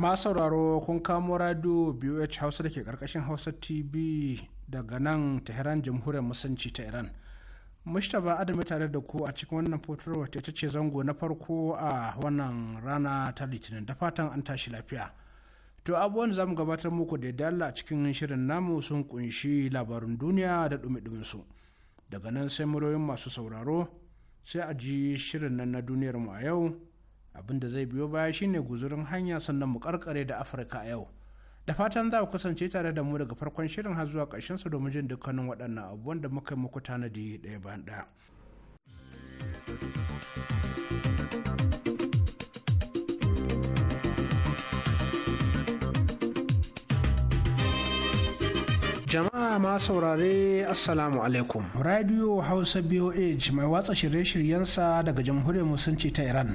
ma sauraro kun kamo radio boh hausa da ke karkashin hausa tv daga nan tehran jamhuriyar musanci ta iran mustapha adamu tare da ku a cikin wannan fotarwar ta ce zango na farko a wannan rana ta litinin da fatan an tashi lafiya to abubuwan za mu gabatar muku da dala a cikin shirin namu sun kunshi labarin duniya da dumi su daga nan sai muryoyin masu sauraro sai a ji shirin nan na duniyar mu a yau abin da zai biyo baya shine guzurin hanya sannan mu karkare da afirka a yau da fatan za ku kasance tare da mu daga farkon shirin har zuwa ƙarshen su domin jin dukkanin waɗannan abubuwan da muka yi muku tanadi ɗaya bayan ɗaya Jama'a ma saurare Assalamu alaikum. Radio Hausa BOH mai watsa shirye-shiryensa daga Jamhuriyar Musulunci ta Iran.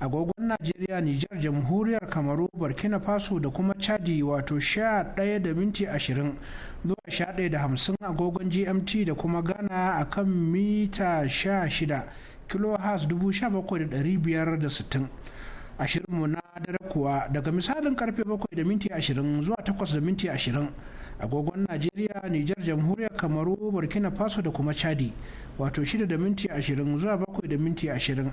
agogon najeriya nijar jamhuriyar kamaru burkina faso da kuma chadi wato sha ɗaya da minti ashirin zuwa sha ɗaya da hamsin agogon gmt da kuma ghana a kan mita shida dubu da biyar da sittin ashirinmu na dare kuwa daga misalin karfe bakwai da minti ashirin zuwa takwas da minti ashirin agogon najeriya nijar jamhuriyar kamaru burkina faso da kuma chadi wato shida da minti ashirin zuwa bakwai da minti ashirin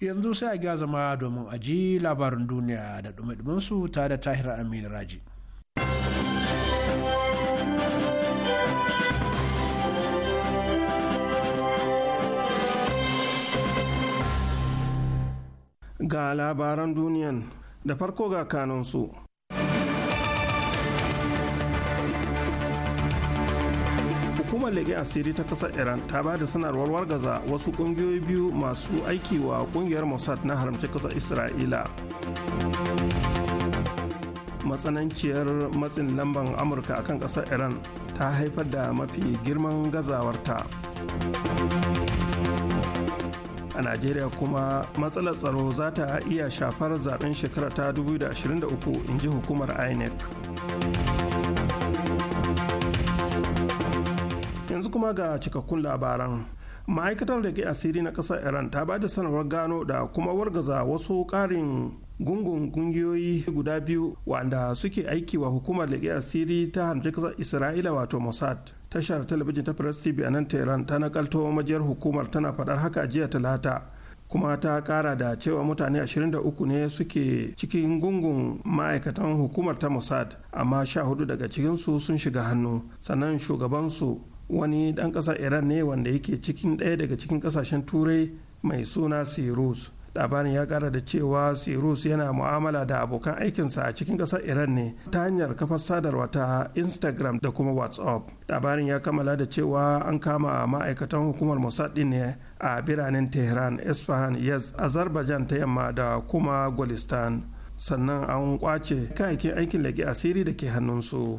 yanzu sai a gya zama domin a ji labarin duniya da dumi ta da tahir amin raji ga labaran duniyan da farko ga kanunsu. hukumar lege asiri ta kasar iran ta ba da sanarwar wargaza wasu kungiyoyi biyu masu aiki wa ƙungiyar mossad na haramci kasar isra'ila matsananciyar matsin lamban amurka akan kasar iran ta haifar da mafi girman gazawarta a najeriya kuma matsalar tsaro za ta iya shafar zaben shekara ta 2023 in ji hukumar inec yanzu kuma ga cikakkun labaran ma'aikatar da ke asiri na ƙasar iran ta bada sanarwar gano da kuma wargaza wasu ƙarin gungun kungiyoyi guda biyu wanda suke aiki wa hukumar da ke asiri ta hamshe ƙasar isra'ila wato mossad tashar talabijin ta press tv a nan tehran ta nakalto majiyar hukumar tana faɗar haka jiya talata kuma ta ƙara da cewa mutane 23 ne suke cikin gungun ma'aikatan hukumar ta mossad amma 14 daga cikinsu sun shiga hannu sannan shugabansu wani ɗan ƙasar iran ne wanda yake cikin ɗaya daga cikin ƙasashen turai mai suna sirus labarin ya kara da cewa sirus yana mu'amala da abokan aikinsa a cikin ƙasar iran ne ta hanyar kafar sadarwa ta instagram da kuma whatsapp labarin ya kammala da cewa an kama ma'aikatan hukumar mossad ɗin ne a biranen tehran isfahan yes azerbaijan ta yamma da kuma gulistan sannan an kwace kayayyakin aikin ke asiri da ke hannunsu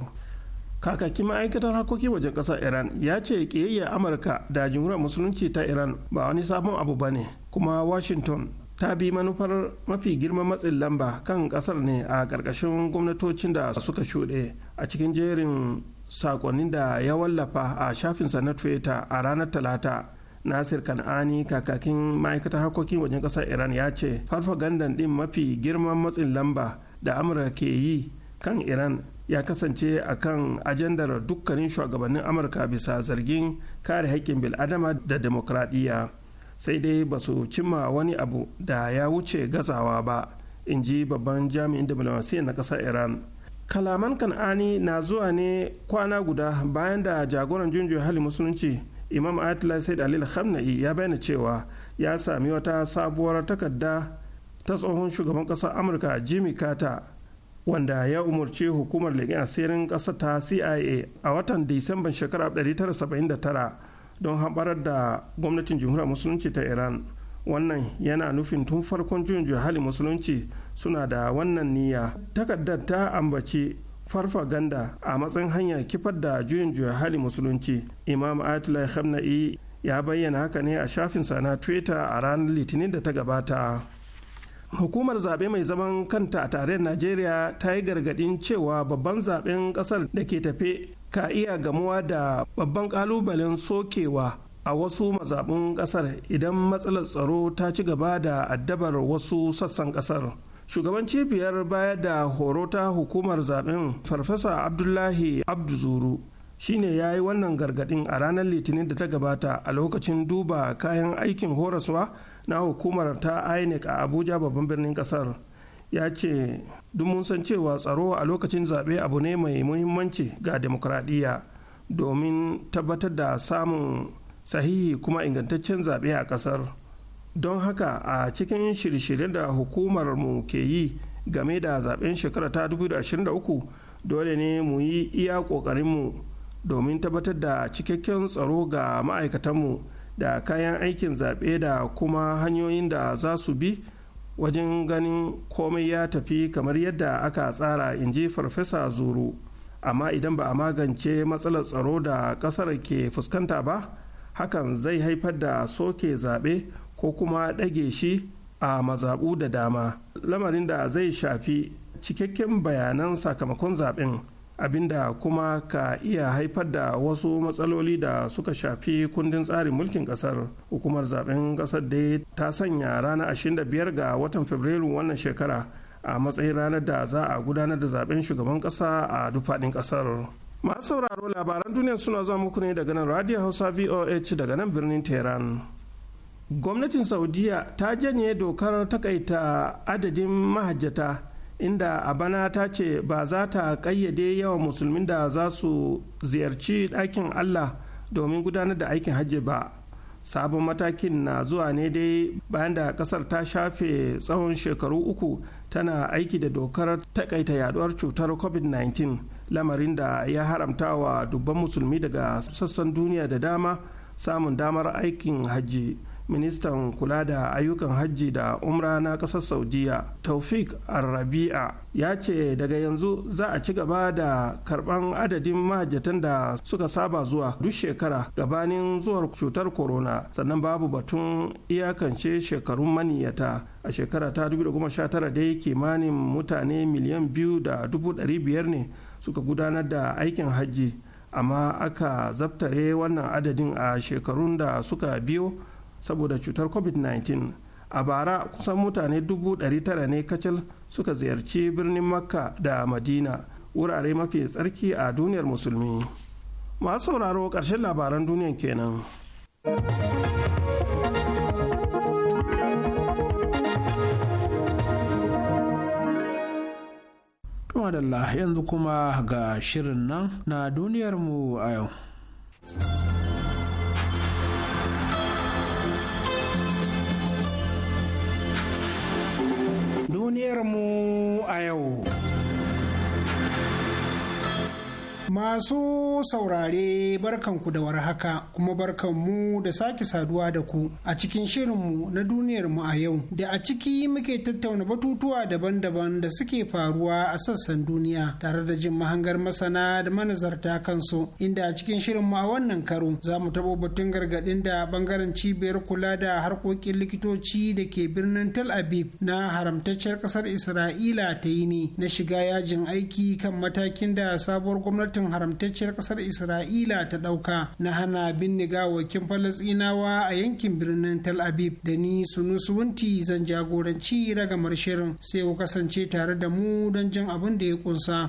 kakakin ma'aikatar harkokin wajen ƙasar iran ya ce ƙiyayya amurka da jimhuriyar musulunci ta iran ba wani sabon abu ba ne kuma washington ta bi manufar mafi girman matsin lamba kan ƙasar ne a ƙarƙashin gwamnatocin da suka shuɗe a cikin jerin saƙonnin da ya wallafa a shafinsa na twitter a ranar talata nasir kan'ani kakakin ma'aikatar harkokin wajen ƙasar iran ya ce farfa gandan ɗin mafi girman matsin lamba da amurka ke yi kan iran ya kasance a kan ajandar dukkanin shugabannin amurka bisa zargin kare haƙƙin bil'adama da demokradiyya sai dai ba su cimma wani abu da ya wuce gazawa ba in ji babban jami'in diplomasiyyar na ƙasar iran kalaman kan'ani na zuwa ne kwana guda bayan da jagoran junjiyar hali musulunci imam atila said alil khamna'i ya bayyana cewa ya sami wata sabuwar takarda ta tsohon shugaban ƙasar amurka jimmy carter wanda ya umarci hukumar leƙen asirin ƙasa ta cia a watan disamban shekarar 1979 don haɓarar da gwamnatin jamhuriyar musulunci ta iran wannan yana nufin tun farkon juyin hali musulunci suna da wannan niyya takardar ta ambaci farfaganda a matsayin hanyar kifar da juyin hali musulunci imam ayatollah khamenei ya bayyana haka ne a shafinsa na twitter a ranar litinin da ta gabata hukumar zaɓe mai zaman kanta a tarayyar najeriya ta yi gargaɗin cewa babban zaɓen ƙasar da ke tafe ka iya gamuwa da babban ƙalubalen sokewa a wasu mazaɓin ƙasar idan matsalar tsaro ta ci gaba da addabar wasu sassan ƙasar shugaban cibiyar baya da horo ta hukumar zaɓen farfesa abdullahi abduzuru shine ya yi wannan gargaɗin a ranar litinin da ta gabata a lokacin duba kayan aikin horaswa na hukumar ta inec a abuja babban birnin kasar ya ce duk mun san cewa tsaro a lokacin zaɓe abu ne mai muhimmanci ga demokradiyya domin tabbatar da samun sahihi kuma ingantaccen zaɓe a ƙasar don haka a cikin shirye-shiryen da hukumar mu ke yi game da zaɓen shekara ta 2023 dole ne mu yi iya ƙoƙarinmu domin tabbatar da cikakken tsaro ga ma'aikatanmu da kayan aikin zaɓe da kuma hanyoyin da za su bi wajen ganin komai ya tafi kamar yadda aka tsara in ji farfesa zuru amma idan ba a magance matsalar tsaro da ƙasar ke fuskanta ba hakan zai haifar da soke zaɓe ko kuma ɗage shi a mazaɓu da dama lamarin da zai shafi cikakken bayanan sakamakon zaɓen abinda kuma ka iya haifar da wasu matsaloli da suka shafi kundin tsarin mulkin kasar hukumar zaben kasar dai ta sanya ranar 25 ga watan fabrairu wannan shekara a matsayin ranar da za a gudanar da zaben shugaban kasa a dufaɗin kasar masu sauraro labaran duniya suna zuwa muku ne daga nan radio hausa voh daga nan birnin tehran gwamnatin saudiya ta janye dokar takaita adadin mahajjata inda a bana ta ce ba za ta ƙayyade yawan musulmin da za su ziyarci ɗakin allah domin gudanar da aikin hajji ba sabon matakin na zuwa ne dai bayan da ƙasar ta shafe tsawon shekaru uku tana aiki da dokar takaita yaduwar cutar covid-19 lamarin da ya haramta wa dubban musulmi daga sassan duniya da dama samun damar aikin hajji ministan kula da ayyukan hajji da umra na kasar saudiya taufik arrabi'a ya ce daga yanzu za a ci gaba da karban adadin mahajjatan da suka saba zuwa duk shekara gabanin zuwar cutar corona sannan babu batun iyakance shekarun maniyata a shekara ta 2019 dai kimanin mutane miliyan biyu da dubu biyar ne suka gudanar da aikin hajji amma aka zaftare wannan adadin a shekarun da suka biyo saboda cutar covid-19 a bara kusan mutane 900 ne kacal suka ziyarci birnin makka da madina wurare mafi tsarki a duniyar musulmi masu sauraro ƙarshen labaran duniyan kenan. madalla yanzu kuma ga shirin nan na duniyarmu a yau. duniyarmu a yau. Masu saurare barkanku da warhaka kuma barkanmu da sake saduwa da ku a cikin shirinmu na duniyarmu a yau da a ciki muke tattauna batutuwa daban-daban da suke faruwa a sassan duniya tare da jin mahangar masana da manazarta kansu inda a cikin shirinmu a wannan karo za mu taɓo batun gargaɗin da bangaren cibiyar kula da harkokin likitoci da ke birnin Tel Aviv na haramtacciyar ƙasar Isra'ila ta yi ne na shiga yajin aiki kan matakin da sabuwar gwamnati gwamnatin haramtacciyar kasar isra'ila ta dauka na hana binne wakin falasinawa a yankin birnin tel aviv da ni sunusuwunti zan jagoranci ragamar shirin sai ku kasance tare da mu don jin abin da ya kunsa.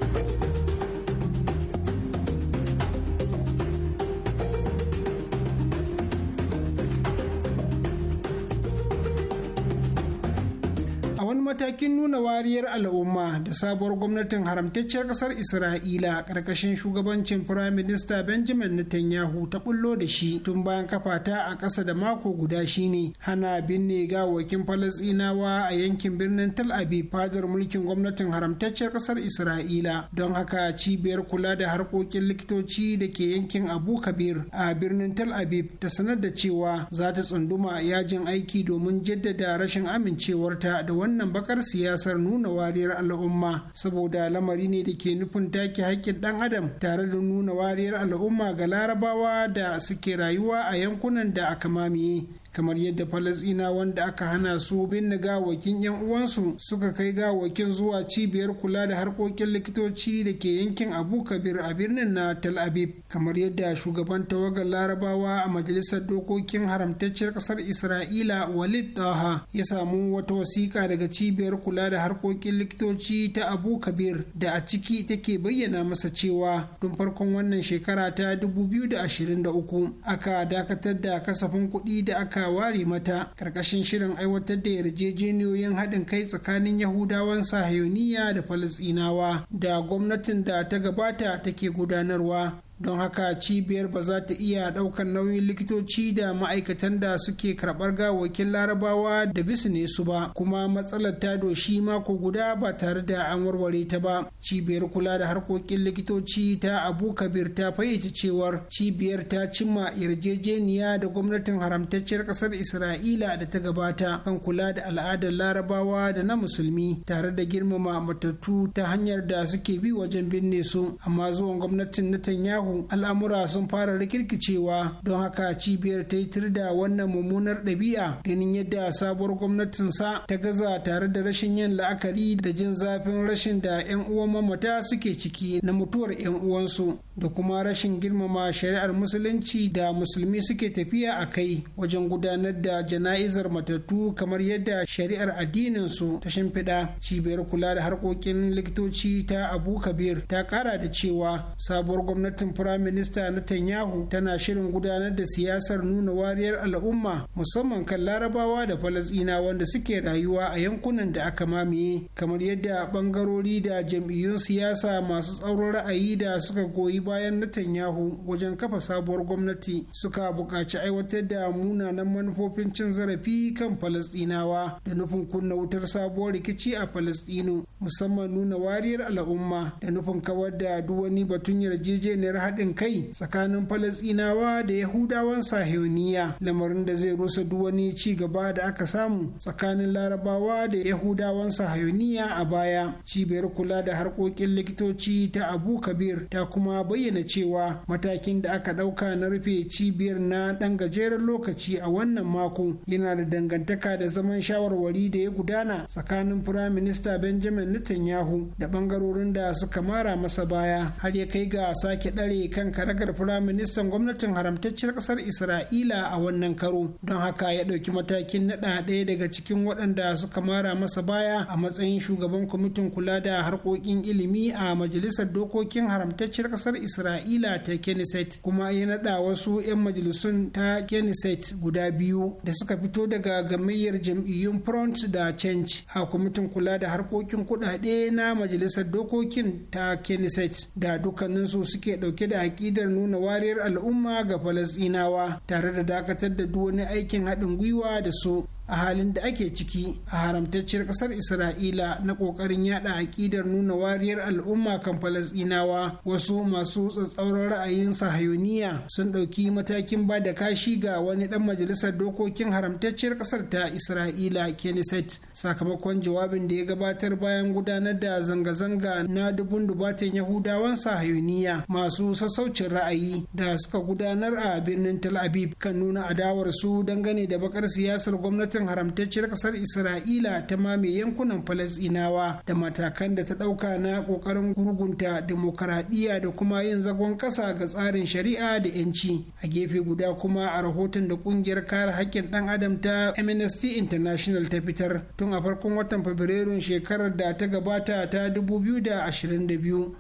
matakin nuna wariyar al'umma da sabuwar gwamnatin haramtacciyar kasar isra'ila ƙarƙashin shugabancin firayim minista benjamin netanyahu ta bullo da shi tun bayan kafa ta a ƙasa da mako guda shine hana binne gawakin falasɗinawa a yankin birnin tel aviv fadar mulkin gwamnatin haramtacciyar kasar isra'ila don haka cibiyar kula da harkokin likitoci da ke yankin abu kabir a birnin tel aviv ta sanar da cewa za ta tsunduma yajin aiki domin jaddada rashin amincewarta da wannan bakar siyasar nuna wariyar al'umma saboda lamari ne da ke nufin take haƙƙin ɗan adam tare da nuna wariyar al'umma ga larabawa da suke rayuwa a yankunan da aka mamaye kamar yadda falasina wanda aka hana su binne gawakin yan uwansu suka kai gawakin zuwa cibiyar kula da harkokin likitoci da ke yankin abu kabir a birnin na tel aviv kamar yadda shugaban tawagar larabawa a majalisar dokokin haramtacciyar kasar isra'ila walid taha ya samu wata wasiƙa daga cibiyar kula da harkokin likitoci ta abu kabir da a ciki take bayyana masa cewa tun farkon wannan shekara ta 2023 aka dakatar da kasafin kuɗi da aka ware mata karkashin shirin aiwatar da yarjejeniyoyin haɗin kai tsakanin yahudawan sahayoniya da falasinawa da gwamnatin da ta gabata take gudanarwa don haka cibiyar ba za ta iya ɗaukar nauyin likitoci da ma'aikatan da suke karɓar gawakin larabawa da bisne su ba kuma matsalar ta doshi mako guda ba tare da an warware ta ba cibiyar kula da harkokin likitoci ta abu kabir ta fayyace cewar cibiyar ta cimma yarjejeniya da gwamnatin haramtacciyar ƙasar isra'ila da ta gabata kan kula da al'adar larabawa da na musulmi tare da girmama matattu ta hanyar da suke bi wajen binne su amma zuwan gwamnatin netanyahu maimakon al'amura sun fara rikirkicewa don haka cibiyar ta yi da wannan mummunar ɗabi'a ganin yadda sabuwar gwamnatin sa ta gaza tare da rashin yin la'akari da jin zafin rashin da 'yan uwan mamata suke ciki na mutuwar 'yan uwansu da kuma rashin girmama shari'ar musulunci da musulmi suke tafiya a kai wajen gudanar da jana'izar matattu kamar yadda shari'ar addininsu ta shimfiɗa cibiyar kula da harkokin likitoci ta abu kabir ta kara da cewa sabuwar gwamnatin firaminista Netanyahu tana shirin gudanar da siyasar nuna wariyar al'umma musamman kan larabawa da falasina wanda suke rayuwa a yankunan da aka mamaye kamar yadda bangarori da jam'iyyun siyasa masu tsauron ra'ayi da suka goyi bayan Netanyahu wajen kafa sabuwar gwamnati suka buƙaci aiwatar da munanan manufofin cin zarafi kan falasɗinawa da nufin kunna wutar sabuwar rikici a falasɗinu musamman nuna wariyar al'umma da nufin kawar da duk wani batun yarjejeniyar haɗin kai tsakanin falasɗinawa da yahudawan sahiyoniya lamarin da zai rusa duk wani ci gaba da aka samu tsakanin larabawa da yahudawan sahiyoniya a baya cibiyar kula da harkokin likitoci ta abu kabir ta kuma bayyana cewa matakin da aka ɗauka na rufe cibiyar na ɗan gajeren lokaci a wannan mako yana da dangantaka da zaman shawarwari da ya gudana tsakanin firaminista benjamin netanyahu da bangarorin da suka mara masa baya har ya kai ga sake ɗare ɗare kan karagar firaministan gwamnatin haramtacciyar kasar isra'ila a wannan karo don haka ya ɗauki matakin naɗa ɗaya daga cikin waɗanda suka mara masa baya a matsayin shugaban kwamitin kula da harkokin ilimi a majalisar dokokin haramtacciyar kasar isra'ila ta kenneset kuma ya naɗa wasu 'yan majalisun ta kenneset guda biyu da suka fito daga gamayyar jam'iyyun front da change a kwamitin kula da harkokin kuɗaɗe na majalisar dokokin ta kenneset da dukkaninsu suke ɗauke da aƙidar nuna wariyar al'umma ga falasɗinawa tare da dakatar da duk wani aikin haɗin gwiwa da su a halin da ake ciki a haramtacciyar ƙasar isra'ila na ƙoƙarin yada aƙidar nuna wariyar al'umma kan falasɗinawa wasu masu tsatsauran ra'ayin sahayoniya sun ɗauki matakin ba da kashi ga wani ɗan majalisar dokokin haramtacciyar ƙasar ta isra'ila kenneth sakamakon jawabin da ya gabatar bayan gudanar da zanga-zanga na dubun dubatan yahudawan sahayoniya masu sassaucin ra'ayi da suka gudanar a birnin tal'abib kan nuna adawarsu dangane da bakar siyasar gwamnatin akan haramtacciyar kasar isra'ila ta mame yankunan falasinawa da matakan da ta ɗauka na ƙoƙarin gurgunta demokaradiyya da kuma yin zagon ƙasa ga tsarin shari'a da 'yanci a gefe guda kuma a rahoton da ƙungiyar kare haƙƙin ɗan adam ta amnesty international ta fitar tun a farkon watan fabrairun shekarar da ta gabata ta da biyu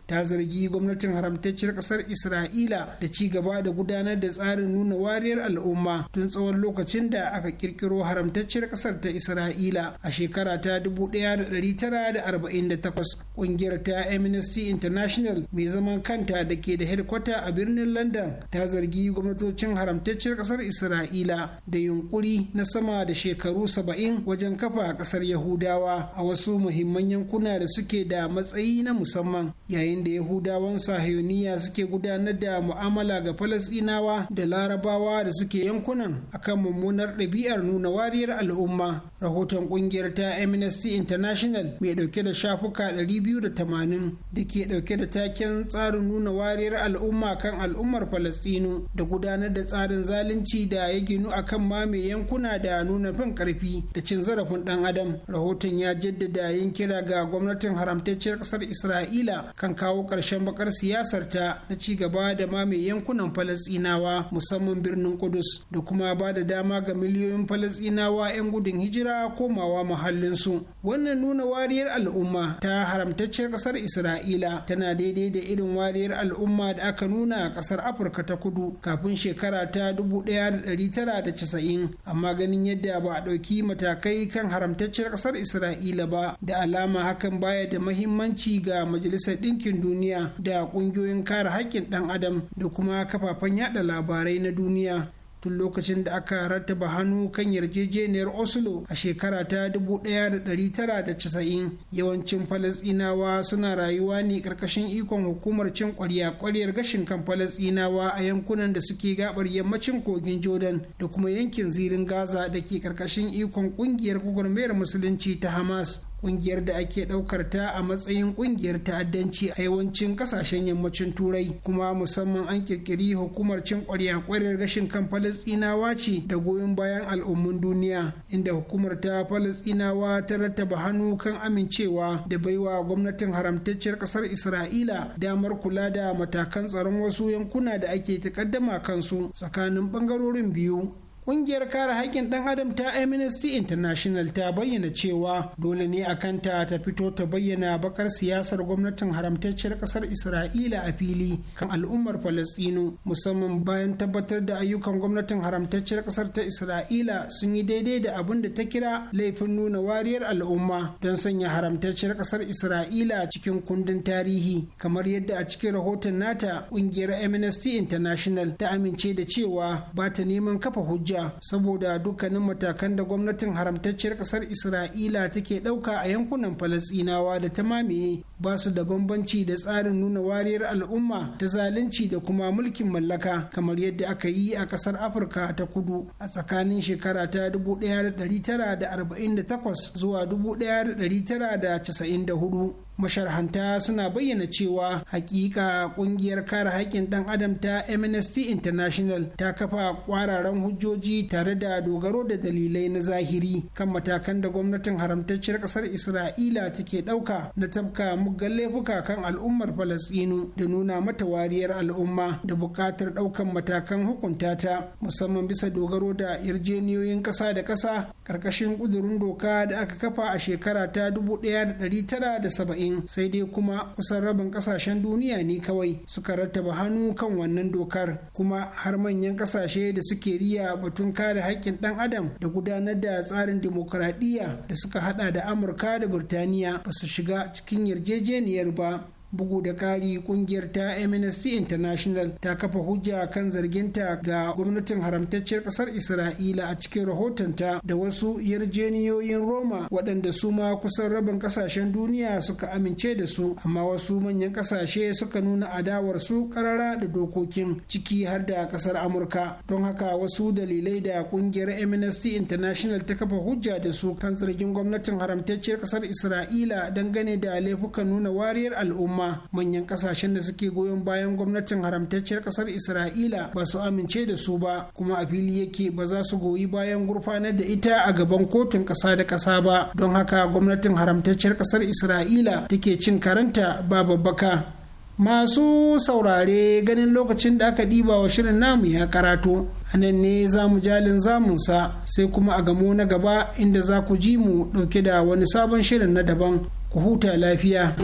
ta zargi gwamnatin haramtacciyar kasar isra'ila da ci gaba da gudanar da tsarin nuna wariyar al'umma tun tsawon lokacin da aka kirkiro haramtacciyar haramtacciyar kasar ta isra'ila a shekara ta 1948 kungiyar ta amnesty international mai zaman kanta da ke da hedkwata a birnin london ta zargi gwamnatocin haramtaccen kasar isra'ila da yunkuri na sama da shekaru 70 wajen kafa kasar yahudawa a wasu muhimman yankuna da suke da matsayi na musamman yayin da yahudawan sahiyoniya suke gudanar da mu'amala ga falasɗinawa da larabawa da suke yankunan akan mummunar ɗabi'ar nuna wariyar al'umma rahoton kungiyar ta amnesty international mai dauke da shafuka 280 da ke dauke da taken tsarin nuna wariyar al'umma kan al'ummar falastinu da gudanar da tsarin zalunci da ya ginu a kan mame yankuna da nuna fin karfi da cin zarafin dan adam rahoton ya jaddada yin kira ga gwamnatin haramtacciyar kasar isra'ila kan kawo karshen bakar siyasar ta na ci gaba da mame yankunan falastinawa musamman birnin kudus da kuma ba da dama ga miliyoyin falastinawa 'yan gudun hijira komawa muhallinsu wannan nuna wariyar al'umma ta haramtacciyar ƙasar isra'ila tana daidai da irin wariyar al'umma da aka nuna a ƙasar afirka ta kudu kafin shekara ta 1990 amma ganin yadda ba a ɗauki matakai kan haramtacciyar ƙasar isra'ila ba da alama hakan baya da mahimmanci ga majalisar ɗinkin duniya da ƙungiyoyin kare haƙƙin ɗan adam da kuma kafafen yada labarai na duniya tun lokacin da aka rattaba hannu kan yarjejeniyar oslo a shekara ta 1990 yawancin falasinawa suna rayuwa ne karkashin ikon hukumar cin kwarya kwaryar gashin kan falasinawa a yankunan da suke gabar yammacin kogin jordan da kuma yankin zirin gaza da ke karkashin ikon kungiyar gwagwarmayar musulunci ta hamas kungiyar da ake daukar ta a matsayin kungiyar ta'addanci a yawancin kasashen yammacin turai kuma musamman an kirkiri hukumar cin kwarya kwarar gashin kan falastinawa ce da goyon bayan al'ummun duniya inda hukumar ta falastinawa ta rattaba hannu kan amincewa da baiwa gwamnatin haramtacciyar kasar isra'ila damar kula da matakan tsaron wasu yankuna da ake takaddama kansu tsakanin bangarorin biyu Ƙungiyar kare haƙƙin ɗan adam ta Amnesty International ta bayyana cewa dole ne a kanta ta fito ta bayyana bakar siyasar gwamnatin haramtacciyar ƙasar Isra'ila a fili kan al'ummar Falastinu musamman bayan tabbatar da ayyukan gwamnatin haramtacciyar ƙasar ta Isra'ila sun yi daidai da abin da ta kira laifin nuna wariyar al'umma don sanya haramtacciyar ƙasar Isra'ila cikin kundin tarihi kamar yadda a cikin rahoton nata ƙungiyar Amnesty International ta amince da cewa ba ta neman kafa hujja saboda dukkanin matakan da gwamnatin haramtacciyar kasar isra'ila take ɗauka a yankunan falasɗinawa da ta mamaye ba su da bambanci da tsarin nuna wariyar al'umma ta zalunci da kuma mulkin mallaka kamar yadda aka yi a kasar afirka ta kudu a tsakanin shekara ta 1948 zuwa 1994 masharhanta suna bayyana cewa hakika kungiyar kare haƙƙin ɗan adam ta mnst international ta kafa kwararan hujjoji tare da dogaro da dalilai na zahiri kan matakan da gwamnatin haramtacciyar ƙasar isra'ila take ɗauka na tabka muggan laifuka kan al'ummar Falasɗinu da nuna mata wariyar al'umma da buƙatar ɗaukan matakan hukunta ta musamman bisa dogaro da yarjeniyoyin ƙasa da ƙasa ƙarƙashin ƙudurin doka da aka kafa a shekara ta dubu ɗaya da da tara saba'in sai dai kuma kusan rabin ƙasashen duniya ne kawai suka rattaba hannu kan wannan dokar kuma har manyan ƙasashe da suke riya batun kare haƙƙin ɗan adam da gudanar da tsarin dimokuraɗiyya da suka haɗa da amurka da burtaniya ba su shiga cikin yarje yarjejeniyar ba bugu da kari kungiyar ta amnesty international ta kafa hujja kan zarginta ga gwamnatin haramtacciyar ƙasar isra'ila a cikin rahotonta da wasu yarjeniyoyin roma waɗanda su ma kusan rabin ƙasashen duniya suka amince da su amma wasu manyan ƙasashe suka nuna adawar su karara da dokokin ciki har da ƙasar amurka don haka wasu dalilai da kungiyar amnesty international ta kafa hujja da su kan zargin gwamnatin haramtacciyar ƙasar isra'ila dangane da laifukan nuna wariyar al'umma kuma manyan kasashen da suke goyon bayan gwamnatin haramtacciyar kasar isra'ila ba su amince da su ba kuma a fili yake ba za su goyi bayan gurfanar da ita a gaban kotun kasa da kasa ba don haka gwamnatin haramtacciyar kasar isra'ila take cin karanta ba babbaka masu saurare ganin lokacin da aka ɗibawa wa shirin namu ya karatu a nan ne za mu jalin zamunsa sai kuma a gamo na gaba inda za ku ji mu ɗauke da wani sabon shirin na daban ku huta lafiya.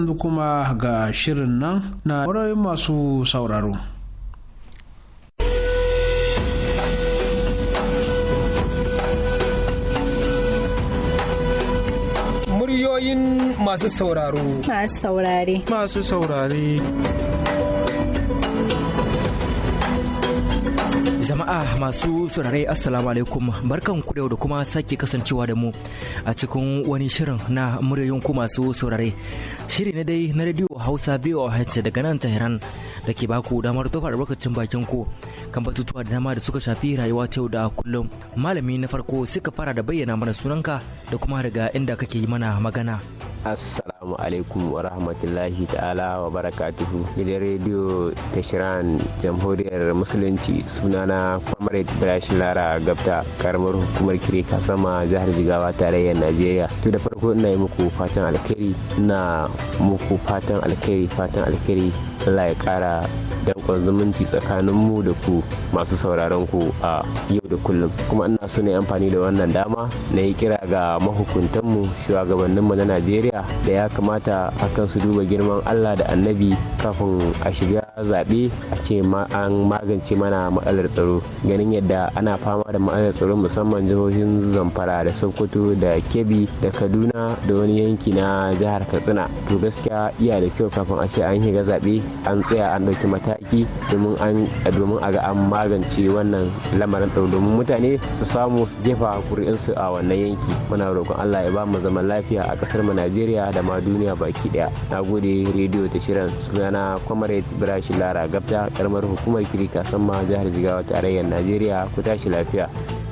yanzu kuma ga shirin nan na wurin masu sauraro. Muryoyin masu sauraro. Masu saurare. Masu saurare. Jama'a masu saurare Assalamu alaikum barkan ku da kuma sake kasancewa da mu a cikin wani shirin na muryoyin ku masu saurare. Shiri na dai na radio Hausa BOH daga nan Tehran da ke baku damar tofa lokacin bakin ku kan batutuwa da dama da suka shafi rayuwa ta yau da kullum. Malami na farko suka fara da bayyana mana sunanka da kuma daga inda kake yi mana magana. assalamu alaikum wa rahmatullahi ta'ala wa barakatuhu gidan rediyo ta shirin jamhuriyar musulunci sunana comrade ibrahim lara gabta karamar hukumar kireka sama jihar jigawa tarayyar najeriya to da farko ina yi muku fatan alkhairi na muku fatan alkhairi fatan alkhairi allah ya kara dankon zumunci tsakanin mu da ku masu sauraron ku a yau da kullum kuma ina so ne amfani da wannan dama na yi kira ga mahukuntanmu shugabanninmu na najeriya tarbiyya da ya kamata a kan su duba girman allah da annabi kafin a shiga zaɓe a ce an magance mana matsalar tsaro ganin yadda ana fama da matsalar tsaro musamman jihohin zamfara da sokoto da kebbi da kaduna da wani yanki na jihar katsina to gaskiya iya da kyau kafin a ce an shiga zaɓe an tsaya an ɗauki mataki domin a ga an magance wannan lamarin tsaro domin mutane su samu su jefa kuri'insu a wannan yanki muna roƙon allah ya ba mu zaman lafiya a ƙasar mu najeriya najeriya da ma duniya baki daya na gode rediyo da shirin sunana comrade ibrahim lara gabta karamar hukumar kirika samma jihar jigawa tarayyar najeriya ku tashi lafiya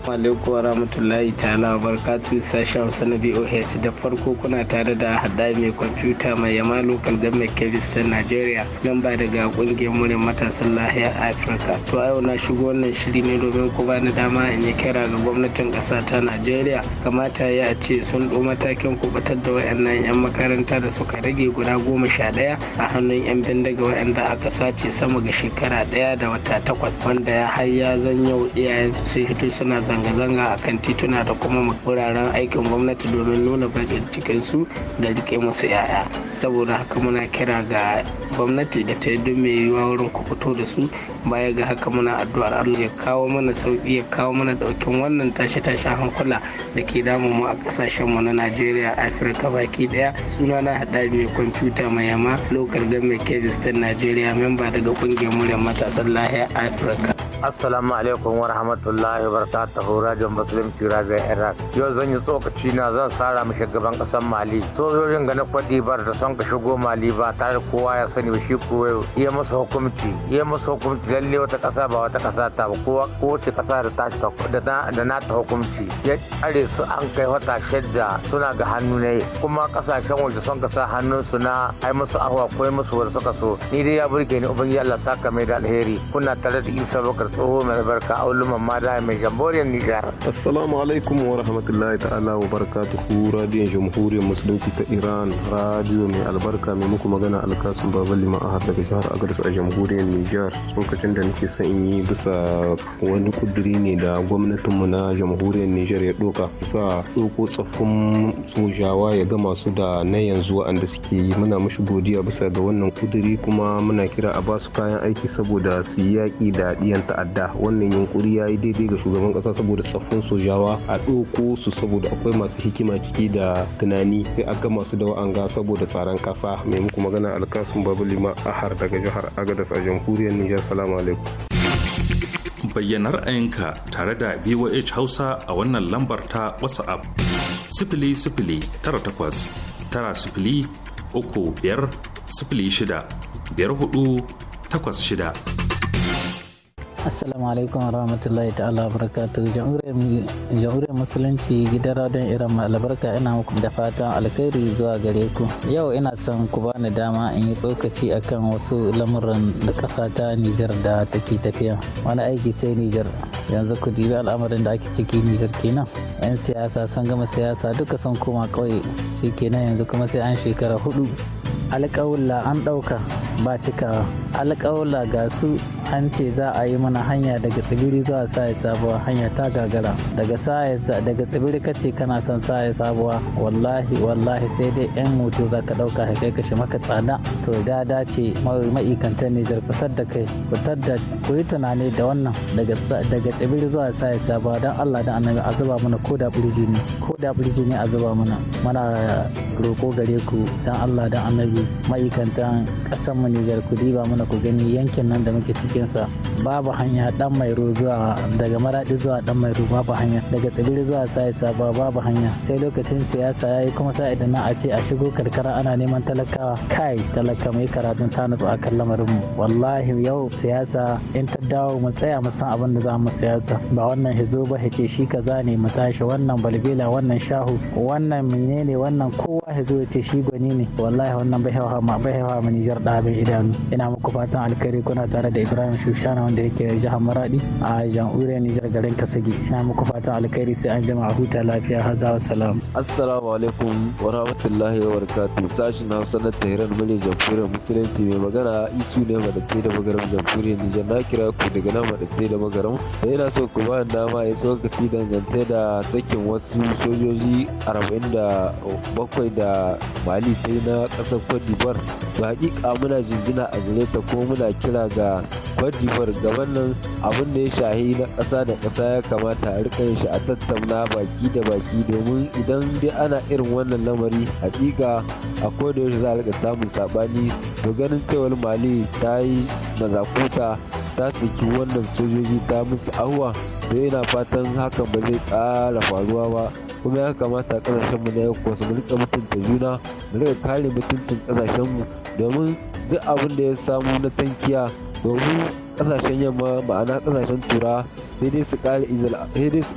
alaikum wa rahmatullahi ta'ala barkatu sashen hausa boh da farko kuna tare da hada mai kwamfuta mai yama local government kebis nigeria ba daga kungiyar murin matasan lahiyar afirka to a yau na shigo wannan shiri ne domin ku bani dama in yi kira ga gwamnatin kasa ta nigeria kamata ya ce sun ɗo matakin kubutar da wayannan ƙananan 'yan makaranta da suka rage guda goma sha ɗaya a hannun 'yan bindiga waɗanda aka sace sama ga shekara daya da wata takwas wanda ya har ya zanya yau iyayen sun hito suna zanga-zanga a kan tituna da kuma wuraren aikin gwamnati domin nuna bakin cikin su da rike musu 'ya'ya saboda haka muna kira ga gwamnati da ta yi don mai yiwuwa wurin fito da su baya ga haka muna addu'ar allah ya kawo mana sauki ya kawo mana daukin wannan tashe-tashen hankula da ke damu mu a kasashen mu na najeriya afirka baki baki daya sunana hadari mai kwamfuta mai yama lokal government ta najeriya memba daga kungiyar muryar matasan lahiya afirka assalamu alaikum wa rahmatullahi wa barakatuhu rajon muslim kira ga iraq yau zan yi tsokaci na zan sara mu shugaban kasar mali sojojin ga na kwadi bar da son ka shigo mali ba tare da kowa ya sani ba shi koyo iya masa hukumci iya masa hukumci lalle wata kasa ba wata kasa ta ba kowa kowace kasa da ta da na ta hukumci ya tsare su an kai wata shadda suna ga hannu ne kuma kasashen waje son ka sa hannunsu na ai musu ahwa ko musu wanda suka so ni dai ya burge ni ubangiji Allah saka mai da alheri kuna tare da Isa Bakar tsoho mai albarka a ulumar mada mai jamboriyar niger assalamu alaikum wa rahmatullahi ta'ala wa barakatuhu radiyon jamhuriyar musulunci ta Iran radiyo mai albarka mai muku magana alkasun babali liman ahad daga jihar Agadez a jamhuriyar Nijar lokacin da nake son in yi bisa wani kuduri ne da gwamnatinmu na jamhuriyar Nijar ya doka sa doko tsaffin sojawa ya gama su da na yanzu waɗanda suke yi muna mashi godiya bisa ga wannan kuduri kuma muna kira a basu kayan aiki saboda su yi yaƙi da ɗiyan ta'adda wannan yunkuri ya yi daidai ga shugaban ƙasa saboda saffin sojawa a ɗoko su saboda akwai masu hikima ciki da tunani sai a ga masu da wa'anga saboda tsaron ƙasa maimakon magana alkasun babu lima har daga jihar agadas a jamhuriyar nijar salamu alaikum bayyana ra'ayinka tare da voh hausa a wannan lambar ta whatsapp sifili takwas tara sifili uku biyar sifili shida biyar hudu takwas shida. assalamu alaikum warahmatullahi ta'ala barakatuh jamhuriyar musulunci gidan radon iran albarka ina muku da fatan alkhairi zuwa gare ku yau ina son ku bani dama in yi tsokaci akan wasu lamuran da ƙasa ta nijar da take tafiya wani aiki sai nijar yanzu ku dibi al'amarin da ake ciki nijar kenan yan siyasa sun gama siyasa duka sun koma ƙauye shi kenan yanzu kuma sai an shekara hudu alƙawulla an ɗauka ba cikawa alƙawulla ga su an ce za a yi mana hanya daga tsibiri zuwa saye sabuwa hanya ta gagara daga saye daga tsibiri kace kana son saye sabuwa wallahi wallahi sai dai yan moto za ka ɗauka ka kai kashe maka tsada to da dace ma'aikatan Nijar fitar da kai fitar da ku yi tunani da wannan daga daga tsibiri zuwa saye sabuwa dan Allah dan annabi a zuba mana ko da birji ne ko da birji ne a zuba mana mana roko gare ku dan Allah dan annabi ma'aikatan kasan mu Nijar ku diba mana ku gani yankin nan da muke ciki bakinsa babu hanya dan mai zuwa daga maradi zuwa dan mai babu hanya daga tsibiri zuwa sai saba babu hanya sai lokacin siyasa yayi kuma sai idan a ce a shigo karkara ana neman talakawa kai talaka mai karatun ta nutsu akan lamarin mu wallahi yau siyasa in ta dawo mu tsaya mu san abin da za mu siyasa ba wannan hizo ba hake shi kaza ne mu tashi wannan balbila wannan shahu wannan menene wannan kowa hizo ya ce shi gwani ne wallahi wannan bai hawa ma bai hawa mu Nijar da bai idanu ina muku fatan alkhairi kuna tare da Ibrahim Ibrahim Shushana wanda yake jihar Maradi a jamhuriyar Nijar garin Kasagi. Ina muku fatan alkhairi sai an jama'a huta lafiya haza wa salam. Assalamu alaikum wa rahmatullahi wa barakatuh. na sanar da Hiran Mali Jamhuriyar Musulunci mai magana isu ne madaddai da magaram Jamhuriyar Nijar na kira ku daga nan madaddai da magaram. Da yana so ku ba dama ya tsokaci dangance da sakin wasu sojoji arba'in da bakwai da Mali sai na ƙasar Cote d'Ivoire. Ba hakika muna jinjina a gare ta ko muna kira ga cote d'ivoire gaban nan abin da ya shahi na ƙasa da ƙasa ya kamata a rika shi a tattauna baki da baki domin idan dai ana irin wannan lamari hakika a koda yaushe za a rika samun saɓani to ganin cewar mali ta yi mazakuta ta saki wannan sojoji ta musu ahuwa da yana fatan hakan ba zai ƙara faruwa ba kuma ya kamata ƙasashen mu na yau kuwa su rika mutunta juna mu rika kare mutuncin ƙasashen mu domin duk abin da ya samu na tankiya domin kasashen yamma ma'ana kasashen tura sai dai su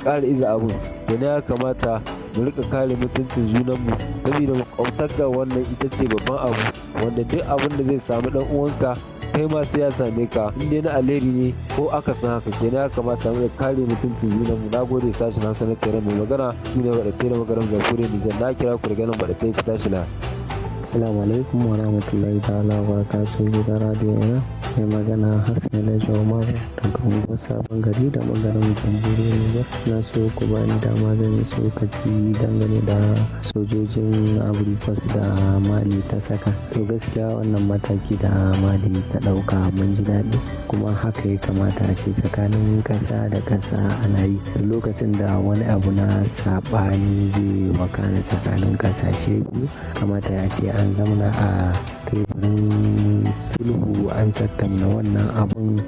kara iza abu da na ya kamata mu rika kare mutuncin junanmu saboda makwabtaka wannan ita ce babban abu wanda duk abin da zai samu dan uwanka kai ma sai ya same ka in dai na alheri ne ko aka san haka ne ya kamata mu kare mutuncin junanmu na gode sashen na sanar da mai magana shine baɗa tere magaran nijar na kira ku da ganin baɗa tere ku tashi Assalamu alaikum wa rahmatullahi ta'ala wa barakatuhu gidan radio ina mai magana Hassan da Umar daga unguwar Sabon Gari da magaran Jamhuriyar Nijar na so ku ba da dama zan ka ci dangane da sojojin Abrikos da Mali ta saka. To gaskiya wannan mataki da Mali ta ɗauka mun ji daɗi kuma haka ya kamata a ce tsakanin ƙasa da ƙasa ana yi lokacin da wani abu na saɓani zai wakana tsakanin ƙasashe biyu kamata ya ce an zamana a teburin sulhu an tattauna wannan abun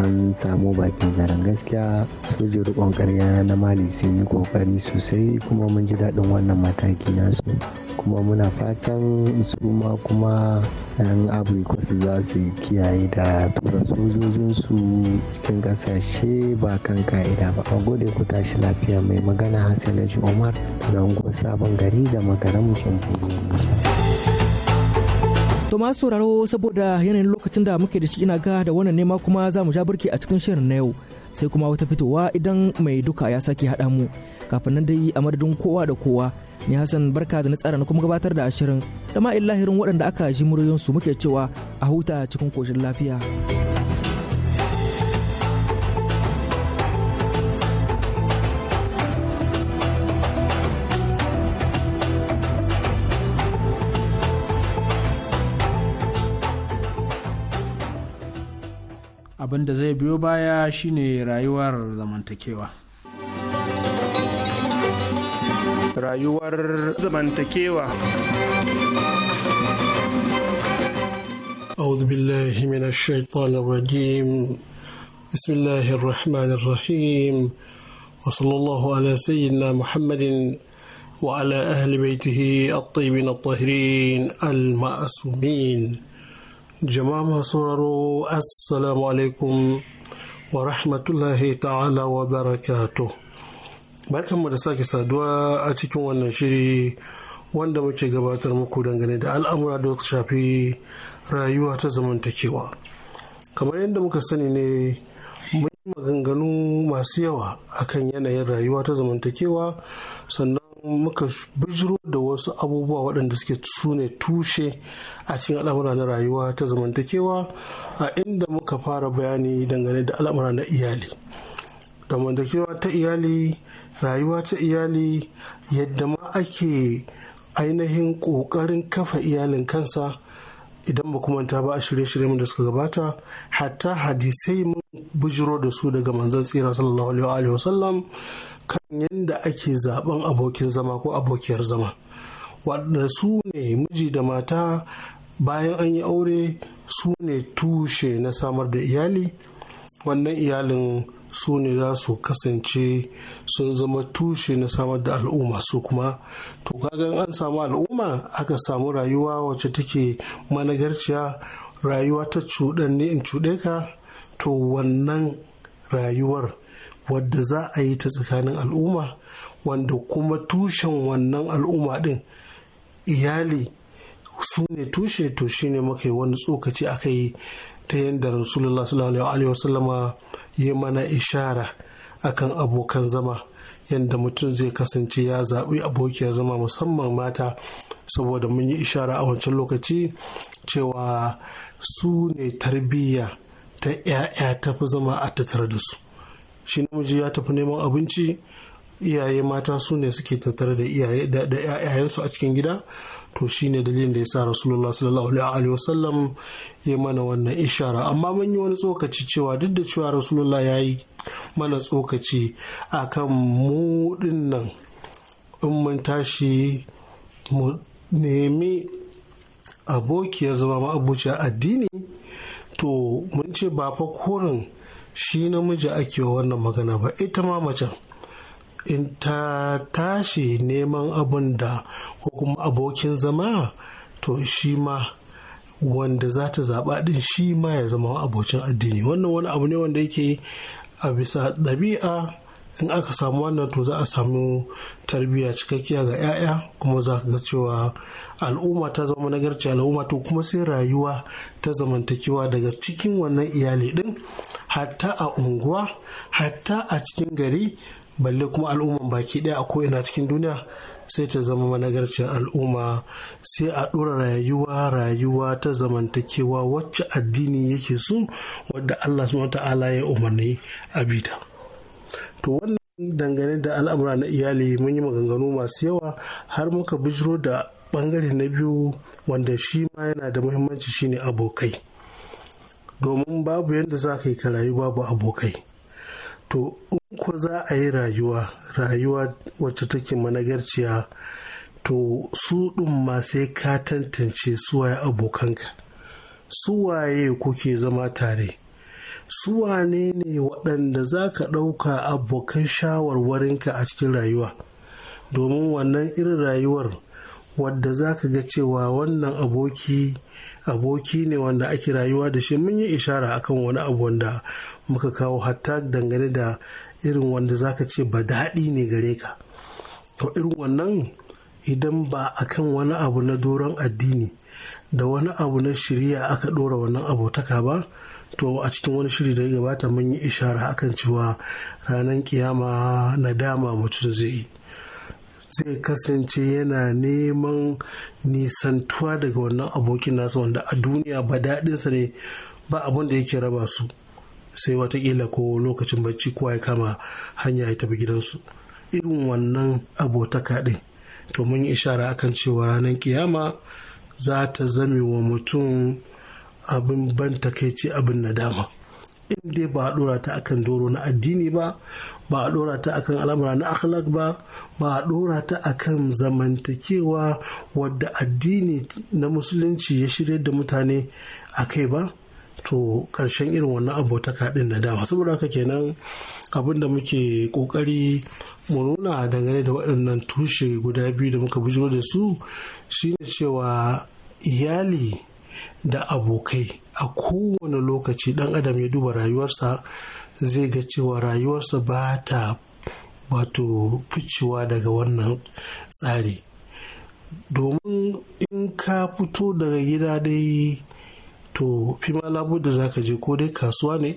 an samu bakin zaren gaskiya sojin rikon karya na mali sun yi kokari sosai kuma mun ji daɗin wannan mataki nasu kuma muna fatan su ma kuma yan abrikos za su kiyaye da tura sojojinsu cikin ƙasashe ba kan ka'ida ba a gode ku tashi lafiya mai magana hasalashi umar daga sabon gari da makarar mutum To masu sauraro saboda yanayin lokacin da muke da shi ina ga da wannan nema kuma za mu ja birki a cikin shirin na yau sai kuma wata fitowa idan mai duka ya sake haɗa mu kafin nan dai a madadin kowa da kowa ni Hassan barka da na tsara na kuma gabatar da ashirin da ma illahirin waɗanda aka ji su muke cewa a huta cikin koshin lafiya. abin da zai biyo baya shine rayuwar zamantakewa rayuwar zamantakewa أعوذ بالله من الشيطان الرجيم بسم الله الرحمن الرحيم وصلى الله على سيدنا محمد وعلى أهل بيته الطيبين الطاهرين المعصومين jama'a masu sauraro assalamu alaikum wa rahmatullahi ta'ala wa barakatu barkanmu da sake saduwa a cikin wannan shiri wanda muke gabatar muku dangane da al'amura da suka shafi rayuwa ta zamantakewa kamar yadda muka sani ne mun yi maganganu masu yawa akan yanayin rayuwa ta zamantakewa sannan muka bijiro da wasu abubuwa waɗanda suke su ne tushe a cikin al'amura na rayuwa ta zamantakewa a inda muka fara bayani dangane da al'amura na iyali zamantakewa ta iyali rayuwa ta iyali yadda ma ake ainihin ƙoƙarin kafa iyalin kansa idan ba kuma ta ba a shirye-shirye da suka gabata hatta hadisai mun bujiro da su daga manzon tsira sallallahu alaihi wasallam kan yadda ake zaben abokin zama ko abokiyar zama waɗanda su ne miji da mata bayan an yi aure su ne tushe na samar da iyali wannan iyalin su ne za su kasance sun zama tushe na samar da al'umma su kuma to kaga an samu al'umma aka samu rayuwa wacce take managarciya rayuwa ta cuɗanne in cuɗe ka to wannan rayuwar wadda za a yi ta tsakanin al'umma wanda kuma tushen wannan al'umma din iyali su ne tushe to shine muka yi wani tsokaci aka yi ta yadda rasulullah sallallahu alaihi wasallama ya mana ishara akan abokan zama yadda mutum zai kasance ya zaɓi abokiyar zama musamman mata saboda mun yi ishara a wancan lokaci cewa su ne tarbiyya ta 'ya'ya tafi zama a tattara da su shi namiji ya tafi neman abinci iyaye mata su ne suke tattare da iyaye da 'ya'yansu a cikin gida to shi ne dalilin da ya sa rasulullah sallallahu alaihi wa Sallam ya mana wannan ishara amma mun yi wani tsokaci cewa duk da cewa rasulullah ya yi mana tsokaci akan mu nan in mun tashi mu nemi abokiyar zama ma'abuciya addini to mun ce ba fa korin shi namiji ake wa wannan magana ba ita ma mace in ta tashi neman abun da ko kuma abokin zama to shi ma wanda za ta zaɓa ɗin shi ma ya zama abocin addini wannan wani abu ne wanda yake a bisa ɗabi'a in aka samu wannan to za a samu tarbiyya cikakkiya ga 'ya'ya kuma za ka ga cewa al'umma ta zama nagarci al'umma to kuma sai rayuwa ta zamantakewa daga cikin wannan iyali ɗin hatta a unguwa hatta a cikin gari balle kuma al'umman baki ɗaya a ko'ina cikin duniya sai ta zama managarcin al'umma sai a ɗora rayuwa rayuwa ta zamantakewa wacce addini yake so wadda Allah su ta'ala ya umarni a bita to wannan dangane da al'amura na iyali mun yi maganganu masu yawa har muka bijiro da bangare na biyu wanda shi ma yana da muhimmanci shine abokai domin babu yadda za ka yi ka rayu babu abokai to in ko za a yi rayuwa rayuwa wacce take managarciya to su ɗin ma sai ka tantance suwaye abokanka suwaye kuke zama tare suwane ne waɗanda za ka ɗauka abokan shawarwarinka a cikin rayuwa domin wannan irin rayuwar wadda za ka ga cewa wannan aboki aboki ne wanda ake rayuwa da shi mun yi ishara akan wani abu wanda muka kawo hatta dangane da irin wanda zaka ce ba daɗi ne gare ka to irin wannan idan ba akan wani abu na doron addini da wani abu na shirya aka ɗora wannan abotaka ba to a cikin wani shiri da ya gabata mun yi ishara akan cewa ranar kiyama nadama mutum zai yi zai kasance yana neman nisantuwa daga wannan abokin nasa wanda a duniya ba daɗinsa ne ba abin da yake raba su sai watakila ko lokacin bacci kowa ya kama hanya ya tafi gidansu irin wannan abotaka ɗin to mun yi ishara akan cewa ranar kiyama za ta zame wa mutum abin ban takaici abin nadama in dai ba a ɗora ta akan doro na addini ba ba a dora ta akan al'amura na akhlaq ba ba a dora ta akan zamantakewa wadda addini na musulunci ya shirya da mutane a kai ba to karshen irin wannan abotaka din na dama saboda haka kenan abin da muke kokari mu nuna dangane da waɗannan tushe guda biyu da muka bujiro da su shine cewa iyali da abokai a kowane lokaci dan adam ya duba rayuwarsa zai ga cewa rayuwarsa ba ta wato ficewa daga wannan tsari domin in ka fito daga gida dai to fi labu da za ka je ko dai kasuwa ne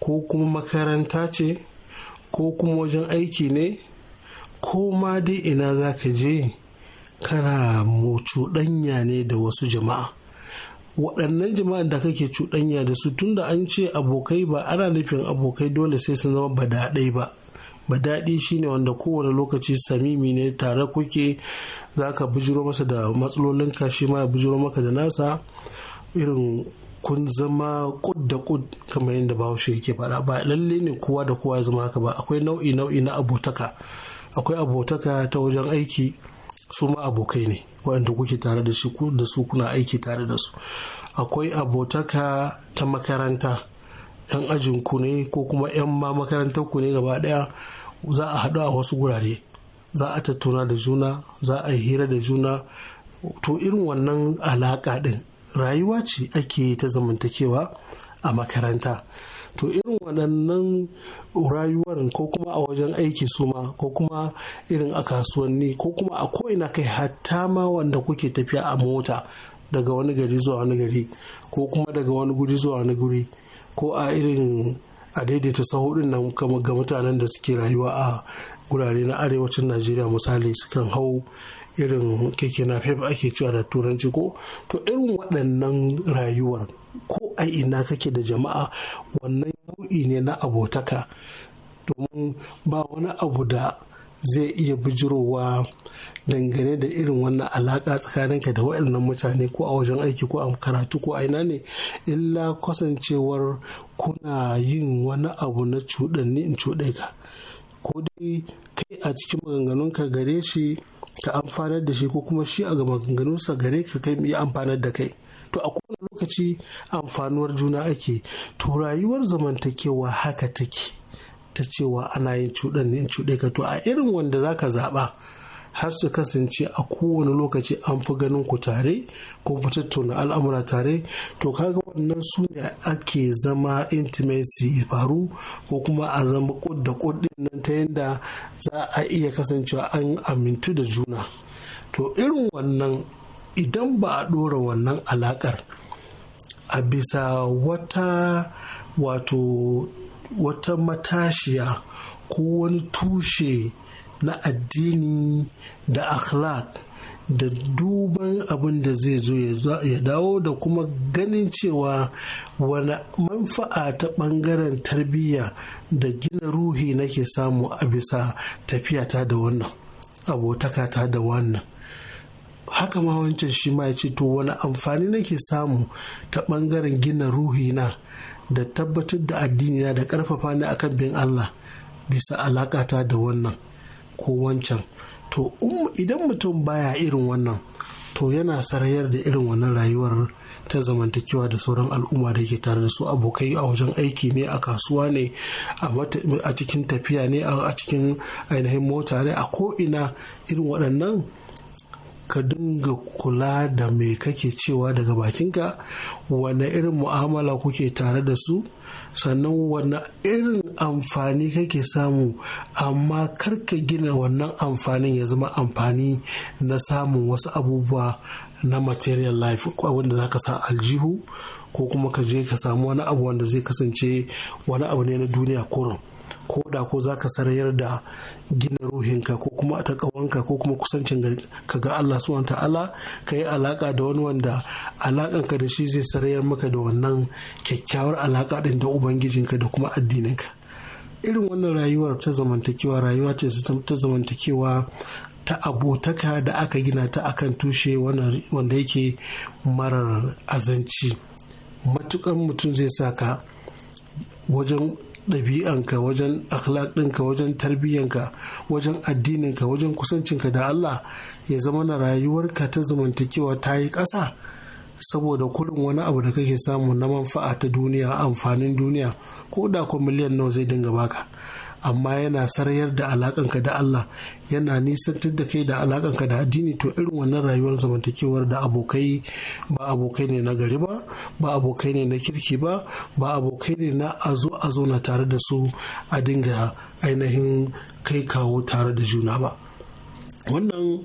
ko kuma makaranta ce ko kuma wajen aiki ne ko ma dai ina za ka je kana ɗanya ne da wasu jama'a waɗannan jama'an da kake cuɗanya da su tunda an ce abokai ba ana nufin abokai dole sai sun zama badaɗai ba badaɗi shine wanda kowane lokaci samimi ne tare kuke za ka bijiro masa da matsalolin ka shi ma ya bijiro maka da nasa irin kun zama kud da kud kamar yadda bahaushe yake faɗa ba lalle ne kowa da kowa ya zama haka ba akwai nau'i nau'i na abotaka akwai abotaka ta wajen aiki su ma abokai ne waɗanda kuke tare da shi da su kuna aiki tare da su akwai abotaka ta makaranta yan ajin ku ne ko kuma yan ma makarantar ku ne gaba ɗaya za a haɗu a wasu gurare za a tattauna da juna za a yi hira da juna to irin wannan alaƙa ɗin rayuwa ce ake ta zamantakewa a makaranta to irin waɗannan rayuwar ko kuma a wajen aiki su ma ko kuma irin a kasuwanni ko kuma a ko'ina kai hatta ma wanda kuke tafiya a mota daga wani gari zuwa wani gari ko kuma daga wani guri zuwa wani guri ko a irin a daidaita sahudin nan ga mutanen da suke rayuwa a gurare na arewacin najeriya misali sukan hau irin keke na ake cewa da turanci ko to irin waɗannan rayuwar ko a ina kake da jama'a wannan nau'i ne na abotaka domin ba wani abu da zai iya bijirowa dangane da irin wannan alaƙa tsakaninka da waɗannan mutane ko a wajen aiki ko a karatu ko a ina ne illa kasancewar kuna yin wani abu na cuɗanni in cuɗe ka ko dai kai a cikin maganganun ka gare shi ka amfanar da shi ko kuma shi a sa gare ka kai ya amfanar da kai to a kowane lokaci amfanuwar juna ake to rayuwar zamantakewa haka take ta cewa ana yin cuɗan cuɗe ka to a irin wanda zaka zaɓa har su kasance a kowane lokaci an fi ganin ku tare ko fi tattauna al'amura tare to kaga wannan su ne ake zama intimacy faru ko kuma a zama kud da nan ta yadda za a iya kasancewa an amintu da juna to irin wannan idan ba a ɗora wannan alaƙar a bisa wata wato wata matashiya ko wani tushe na addini da akhlaq da duban abin da zai zo ya dawo da kuma ganin cewa wani manfa'a ta ɓangaren tarbiyya da gina ruhi nake samu a bisa tafiyata da wannan abotakata da wannan haka ma wancan shi ma ya ce to wani amfani nake samu ta ɓangaren gina ruhi na da tabbatar da addini na da ƙarfafa ni akan bin Allah bisa alaƙata da wannan ko wancan to um, idan mutum baya irin wannan to yana sarayar da irin wannan rayuwar ta zamantakewa da sauran al'umma da ke tare da su abokai a wajen aiki ne a kasuwa ne a cikin tafiya ne a cikin ainihin mota ne a ko'ina irin waɗannan ka dinga kula da me kake cewa daga bakinka wane irin mu'amala kuke tare da su sannan wani irin amfani kake samu amma karka gina wannan amfanin ya zama amfani na samun wasu abubuwa na material life wanda za ka sa aljihu ko kuma ka je ka samu wani abu wanda zai kasance wani abu ne na duniya kurum koda ko za ka sarayar da gina ruhinka ko kuma a taƙawanka ko kuma kusancin ka ga Allah subhanahu ta'ala ka yi alaƙa da wani wanda alaƙanka da shi zai sarayar maka da wannan kyakkyawar alaƙa ɗin da ubangijinka da kuma addininka irin wannan rayuwar ta zamantakewa rayuwa ce ta zamantakewa ta abotaka da aka gina ta akan tushe wanda yake marar azanci matukan mutum zai sa ka wajen ɗabi'anka wajen akhlaq wajen tarbiyyanka wajen addininka wajen kusancinka da Allah ya zama na rayuwarka ta zamantakewa ta yi ƙasa saboda kurin wani abu da kake samu na manfa'a ta duniya amfanin duniya ko da kwa miliyan nawa zai dinga baka amma yana sarayar da alakanka da Allah yana nisantar da kai da alakanka da addini to irin wannan rayuwar zamantakewar da abokai ba abokai ne na gari ba ba abokai ne na kirki ba ba abokai ne na a zo a zauna tare da su a dinga ainihin kai kawo tare da juna ba wannan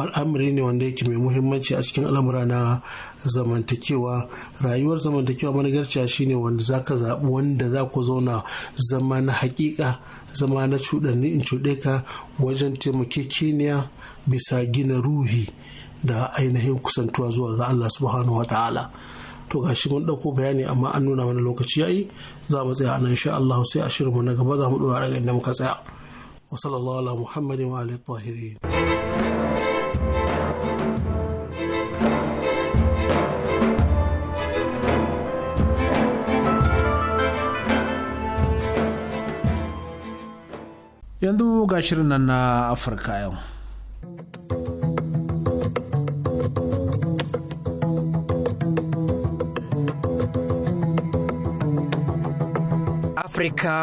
al'amari ne wanda yake mai muhimmanci a cikin al'amura na zamantakewa rayuwar zamantakewa managarciya shine wanda zaka zaɓi wanda za ku zauna zama na haƙiƙa zama na cuɗanni in cuɗe ka wajen taimakekeniya bisa gina ruhi da ainihin kusantuwa zuwa ga Allah subhanahu wa ta'ala to shi mun ɗauko bayani amma an nuna mana lokaci yayi za mu tsaya anan insha Allah sai a mu na gaba za mu ɗora daga inda muka tsaya wa sallallahu ala muhammadin wa alihi tahirin yanzu ga shirin nan na afirka yau afirka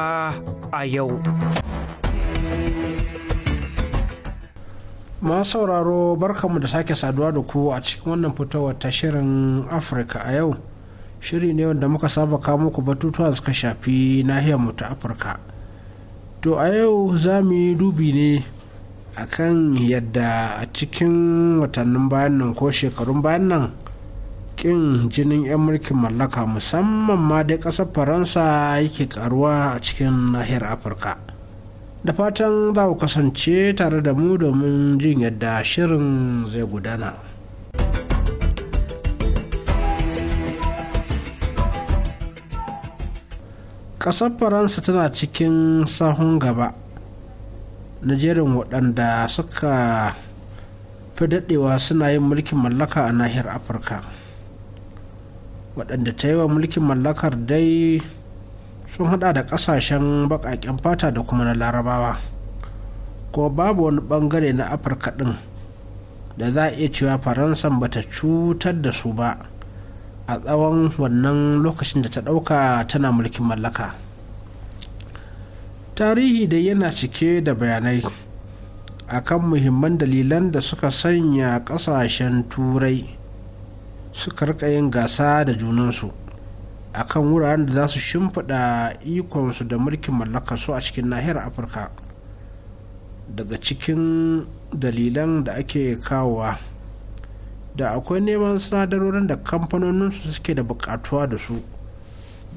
a yau ma sauraro barkanmu da sake saduwa da ku a cikin wannan fitowar ta shirin afirka a yau shiri ne wanda muka saba kawo muku batutuwa suka shafi nahiyar mu ta afirka to a yau za mu yi dubi ne a kan yadda a cikin watannin bayan nan ko shekarun bayan nan kin jinin 'yan mulkin mallaka musamman ma dai ƙasar faransa yake karuwa a cikin nahiyar afirka da fatan za ku kasance tare da mu domin jin yadda shirin zai gudana. ƙasar faransa tana cikin sahun gaba na jerin waɗanda suka fi daɗewa suna yin mulkin mallaka a nahiyar afirka waɗanda ta yi wa mulkin mallakar dai sun hada da ƙasashen baƙaƙen fata da kuma na larabawa kuma babu wani ɓangare na afirka ɗin da za a iya cewa faransan bata cutar da su ba a tsawon wannan lokacin da ta ɗauka tana mulkin mallaka tarihi dai yana cike da bayanai akan muhimman dalilan da suka sanya ƙasashen turai suka rika yin gasa da junansu a kan wuraren da za su shimfiɗa ikonsu da mulkin mallaka su a cikin nahiyar afirka daga cikin dalilan da ake kawowa da akwai neman sinadarorin da kamfanoninsu suke da bukatuwa da su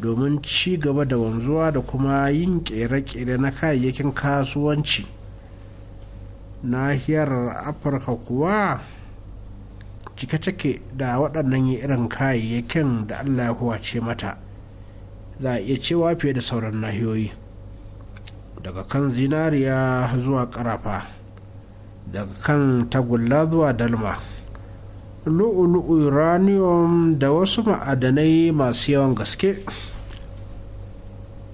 domin ci gaba da wanzuwa da kuma yin kere-kere na kayayyakin kasuwanci nahiyar afirka kuwa cike cike da waɗannan irin kayayyakin da allah ya huwace mata za a iya cewa fiye da sauran nahiyoyi daga kan zinariya zuwa karafa daga kan tagulla zuwa dalma lu'ulu'u uranium da wasu ma'adanai masu yawan gaske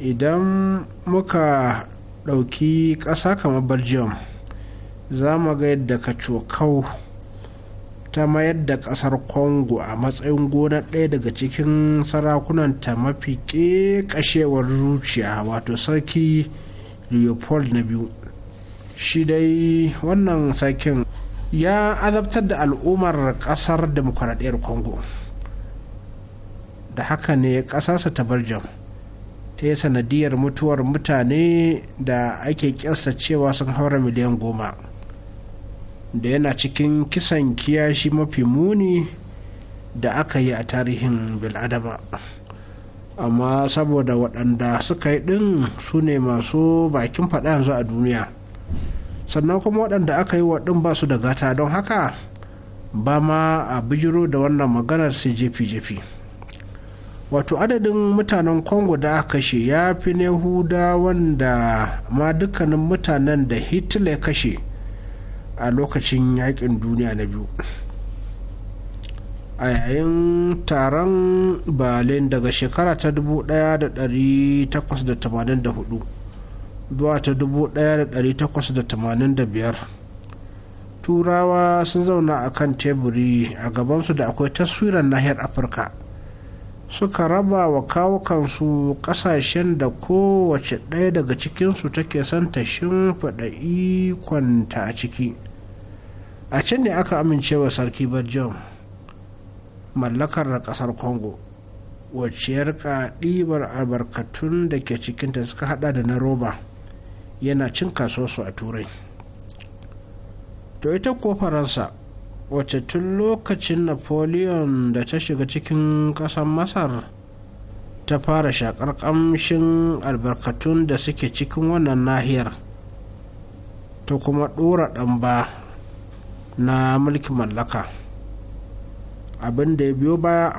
idan muka ɗauki ƙasa kamar belgium za mu ga yadda ka kacokau ta mayar da ƙasar congo a matsayin gonar ɗaya daga cikin sarakunan ta mafi ƙashewar zuciya wato sarki leopold na biyu shi dai wannan sarkin. ya azabtar da al'ummar kasar demokuraɗiyar congo da haka ne ƙasarsa ta belgium ta yi sanadiyar mutuwar mutane da ake kyasta cewa sun haura miliyan goma da yana cikin kisan kiyashi mafi muni da aka yi a tarihin biladama amma saboda waɗanda suka yi ɗin su ne masu bakin faɗa yanzu a duniya sannan kuma waɗanda aka yi wa ɗin ba su da gata don haka ba ma a bijiro da wannan maganar su jefi-jefi wato adadin mutanen congo da aka kashe ya fi ne huda wanda ma dukkanin mutanen da hitler kashe a lokacin yakin duniya na biyu a yayin taron berlin daga shekara ta 1884 zuwa ta 1885 turawa sun zauna a kan teburi a gabansu da akwai taswirar nahiyar afirka suka raba wa kawukansu kasashen da kowace ɗaya daga cikinsu take son ta shimfiɗa ikonta a ciki a can ne aka amince wa sarki barjom mallakar ƙasar congo wacce ya rika ɗibar albarkatun da ke cikinta suka hada da na roba yana cin kasuwarsu a turai to ita ko faransa wacce tun lokacin napoleon da ta shiga cikin ƙasar masar ta fara shakar ƙamshin albarkatun da suke cikin wannan nahiyar ta kuma ɗora ɗamba na mulkin mallaka abin da ya biyo baya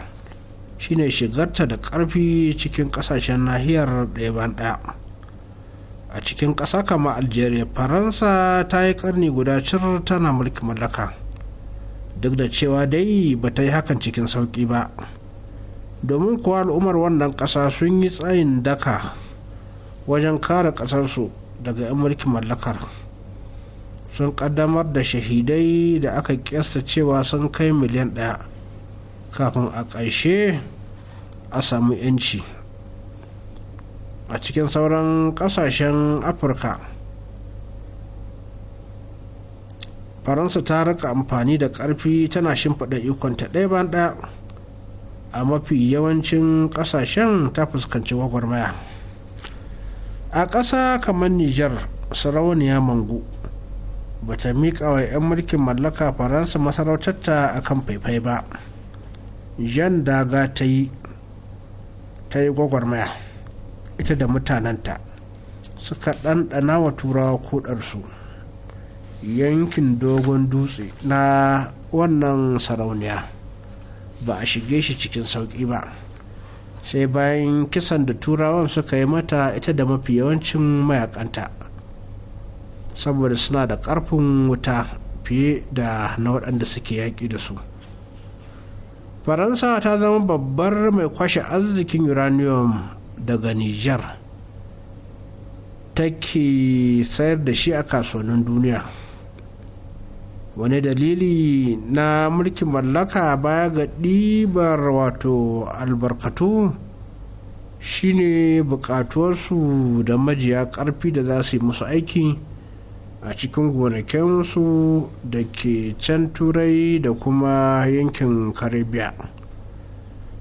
shine shigarta da ƙarfi cikin ƙasashen nahiyar ɗaya bayan ɗaya a cikin ƙasa kama algeria faransa ta yi ƙarni guda cir tana mulki mallaka duk da cewa dai ba ta yi hakan cikin sauƙi ba domin kuwa al'ummar wannan ƙasa sun yi tsayin daka wajen kare ƙasarsu daga 'yan mulki mallakar sun ƙaddamar da shahidai da aka ƙyasta cewa sun kai miliyan ɗaya kafin a ƙarshe a samu 'yanci. a cikin sauran kasashen afirka faransa ta rika amfani da karfi tana shimfiɗa ikonta ɗaya bayan ɗaya a mafi yawancin kasashen ta fuskanci gwagwarmaya a ƙasa kamar niger sarauniya mangu ba ta miƙa wa 'yan mulkin mallaka faransa masarautarta a kan faifai ba jan daga ta yi ta yi gwagwarmaya ita da mutanenta suka ɗanɗana wa turawa kodarsu yankin dogon dutse na wannan sarauniya ba a shige shi cikin sauƙi ba sai bayan kisan da turawan suka yi mata ita da mafi yawancin mayakanta saboda suna da ƙarfin wuta fiye da na waɗanda suke yaƙi da su faransa ta zama babbar mai kwashe arzikin uranium daga niger take sayar da shi a kasuwannin duniya wani dalili na mulkin mallaka baya ga ɗibar wato albarkatu shine buƙatuwarsu da majiya ƙarfi da za su yi musu aiki a cikin gonakinsu da ke can turai da kuma yankin karibiya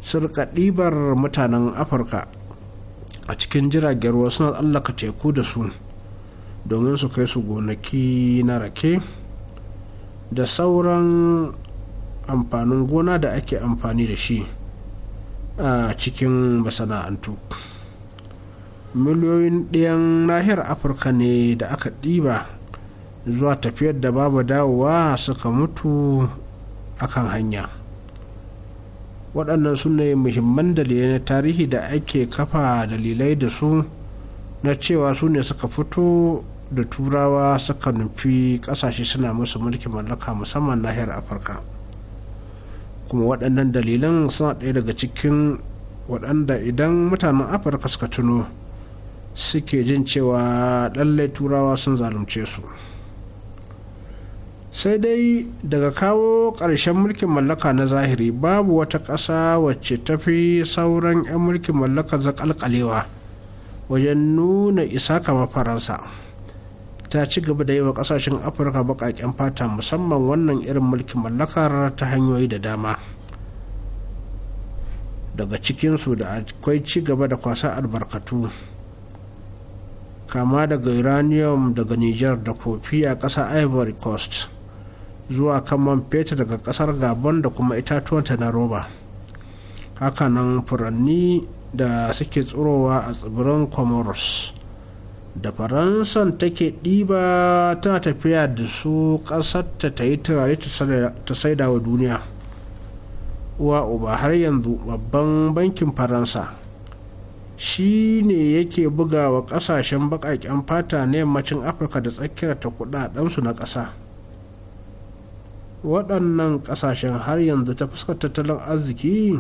sirka ɗibar mutanen afirka a cikin jiragen ruwa suna tsallaka teku da su domin su kai su gonaki na rake da sauran amfanin gona da ake amfani da shi a cikin masana'antu miliyoyin ɗayan nahiyar afirka ne da aka ɗiba zuwa tafiyar da babu dawowa suka mutu akan hanya waɗannan su ne muhimman dalilai na tarihi da ake kafa dalilai da su na cewa su ne suka fito da turawa suka nufi ƙasashe suna musu mulkin mallaka musamman nahiyar afirka kuma waɗannan dalilan suna ɗaya daga cikin waɗanda idan mutanen afirka suka tuno suke jin cewa lallai turawa sun zalunce su. sai dai daga kawo ƙarshen mulkin mallaka na zahiri babu wata ƙasa wacce ta fi sauran 'yan mulkin mallaka zaƙalƙalewa wajen nuna isa kama faransa ta ci gaba da yi wa ƙasashen afirka baƙaƙen fata musamman wannan irin mulkin mallakar ta hanyoyi da dama daga cikinsu da akwai ci gaba da kwasa albarkatu kama daga uranium daga niger da kofi a ƙasa ivory coast zuwa kan man fetur daga kasar gabon da kuma itatuwanta na roba hakanan furanni da suke tsirowa a tsibirin comoros da faransan take ɗiba tana tafiya da su ƙasar ta yi turare ta saida wa duniya uwa uba har yanzu babban bankin faransa shi ne yake buga wa ƙasashen baƙaƙen fata na yammacin afirka da tsakiyar ta kuɗaɗensu na ƙasa waɗannan ƙasashen har yanzu ta fuskar tattalin arziki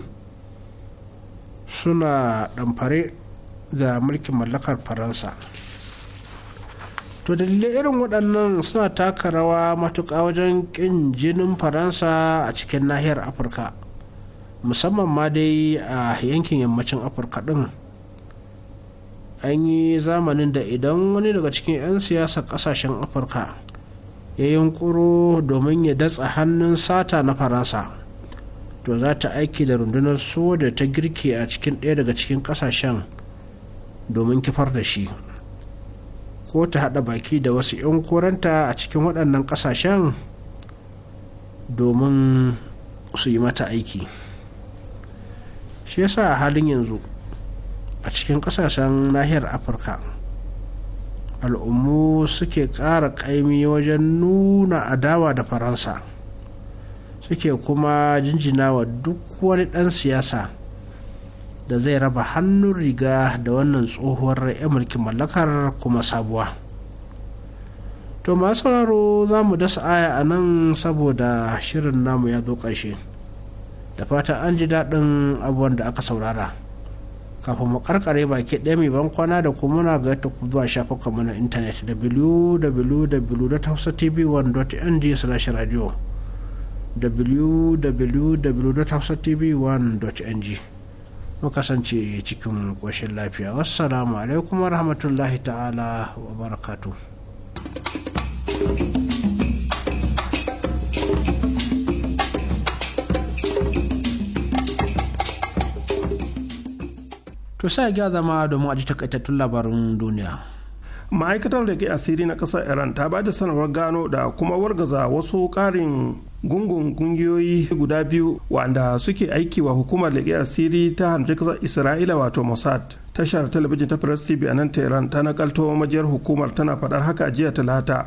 suna ɗamfare da mulkin mallakar faransa to dalilai irin waɗannan suna taka rawa matuƙa wajen ƙin jinin faransa a cikin nahiyar afirka musamman ma dai a yankin yammacin afirka ɗin an yi zamanin da idan wani daga cikin 'yan siyasar ƙasashen afirka ya yunkuro domin ya datsa hannun sata na faransa to za ta aiki da rundunar soja ta girke a cikin ɗaya daga cikin ƙasashen domin kifar da shi ko ta haɗa baki da wasu 'yan a cikin waɗannan ƙasashen domin su yi mata aiki shi yasa a halin yanzu a cikin ƙasashen nahiyar afirka al'ummu suke ƙara ƙaimi wajen nuna adawa da faransa suke kuma jinjina wa duk wani ɗan siyasa da zai raba hannun riga da wannan tsohuwar 'yan mulkin mallakar kuma sabuwa to masu sauraro za mu dasa aya a nan saboda shirin namu ya zo ƙarshe da fata an ji daɗin abubuwan da aka saurara. kafin mu karkare baki ɗaya mai ban kwana da kuma muna ga ta zuwa shafukan mu na intanet www.hausatv1.ng/radio www.hausatv1.ng mu kasance cikin ƙoshin lafiya wassalamu alaikum warahmatullahi ta'ala wa barakatuh to sai ya zama domin a ji takaitattun labarin duniya ma'aikatar da ke asiri na ƙasar iran ta ba da sanarwar gano da kuma wargaza wasu ƙarin gungun kungiyoyi guda biyu wanda suke aiki wa hukumar ke asiri ta hanci ƙasar isra'ila wato mossad tashar talabijin ta press tv a nan tehran ta nakalto majiyar hukumar tana faɗar haka jiya talata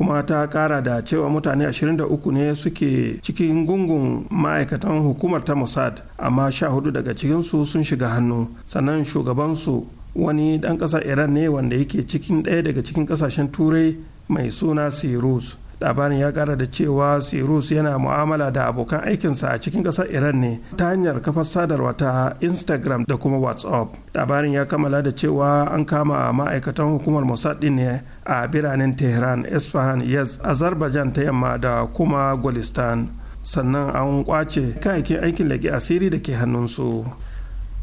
kuma ta kara da cewa mutane 23 ne suke cikin gungun ma'aikatan hukumar ta mossad amma sha hudu daga cikinsu sun shiga hannu sannan shugabansu wani ɗan ƙasa iran ne wanda yake cikin ɗaya daga cikin ƙasashen turai mai suna sirus labarin ya kara da cewa sirus yana mu'amala da abokan aikinsa a cikin kasar iran ne ta hanyar kafar sadarwa ta instagram da kuma whatsapp labarin ya kammala da cewa an kama ma'aikatan hukumar mossad din ne a biranen tehran isfahan yaz azerbaijan ta yamma da kuma gulistan sannan an kwace kayayyakin aikin lage asiri da ke hannunsu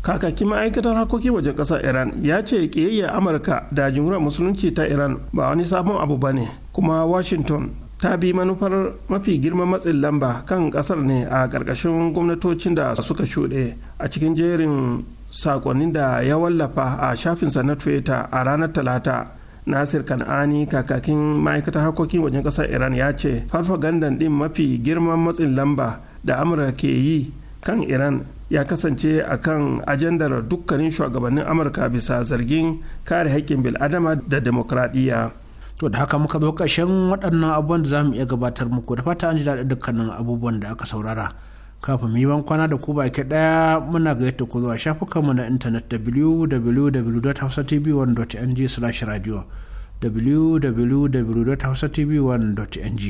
kakakin ma'aikatar harkokin wajen ƙasar iran ya ce ƙiyayya amurka da jimurar musulunci ta iran ba wani sabon abu ba ne kuma washington ta bi manufar mafi girman matsin lamba kan kasar ne a ƙarƙashin gwamnatocin da suka shuɗe a cikin jerin saƙonin da ya wallafa a shafinsa na twitter a ranar talata nasir kan'ani kakakin ma'aikatar harkokin wajen ƙasar iran ya ce farfagandan ɗin mafi girman matsin lamba da amurka ke yi kan iran ya kasance a kan ajandar dukkanin shugabannin amurka bisa zargin kare haƙƙin bil'adama da demokradiyya to da haka muka zo ƙarshen waɗannan abubuwan da za mu iya gabatar muku da fata an ji daɗin dukkanin abubuwan da aka saurara kafin mu yi kwana da ku baki ɗaya muna gayyata ku zuwa shafukanmu na intanet www.hausatv1.ng slash radio www.hausatv1.ng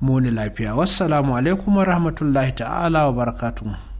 mu ne lafiya wassalamu alaikum wa rahmatullahi ta'ala wa barakatuhu